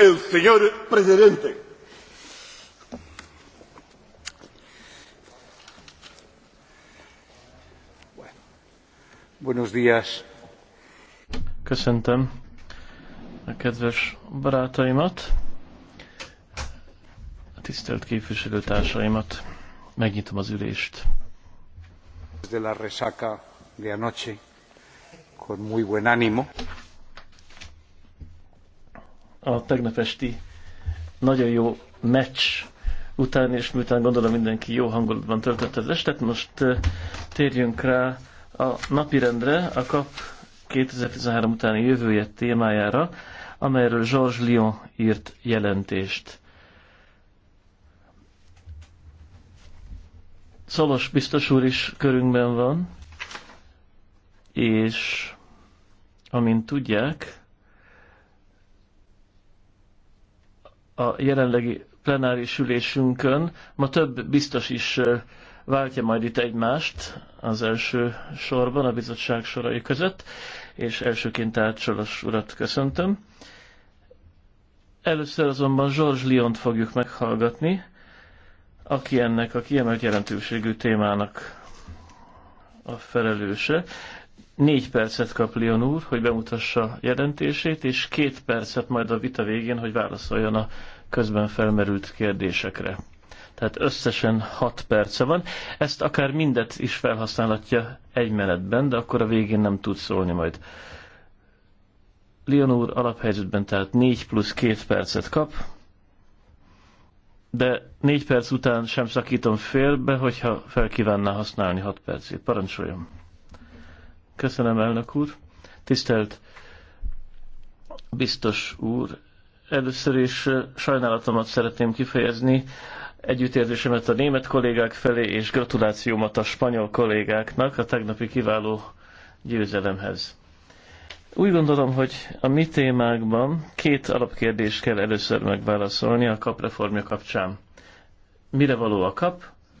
El señor presidente. Buenos días. Köszöntöm a kedves barátaimat, a tisztelt képviselőtársaimat. Megnyitom az ülést. De la resaca de anoche, con muy buen ánimo a tegnap esti nagyon jó meccs után, és miután gondolom mindenki jó hangulatban töltött az estet, most térjünk rá a napirendre, a KAP 2013 utáni jövője témájára, amelyről Georges Lyon írt jelentést. Szolos biztos úr is körünkben van, és amint tudják, a jelenlegi plenáris ülésünkön. Ma több biztos is váltja majd itt egymást az első sorban, a bizottság sorai között, és elsőként Tárcsolos urat köszöntöm. Először azonban George Lyont fogjuk meghallgatni, aki ennek a kiemelt jelentőségű témának a felelőse. Négy percet kap Leon úr, hogy bemutassa jelentését, és két percet majd a vita végén, hogy válaszoljon a közben felmerült kérdésekre. Tehát összesen hat perce van. Ezt akár mindet is felhasználhatja egy menetben, de akkor a végén nem tud szólni majd. Leon úr alaphelyzetben tehát négy plusz két percet kap, de négy perc után sem szakítom félbe, hogyha felkívánná használni hat percét. Parancsoljon! Köszönöm, elnök úr. Tisztelt biztos úr, először is sajnálatomat szeretném kifejezni, együttérzésemet a német kollégák felé, és gratulációmat a spanyol kollégáknak a tegnapi kiváló győzelemhez. Úgy gondolom, hogy a mi témákban két alapkérdést kell először megválaszolni a kapreformja kapcsán. Mire való a kap,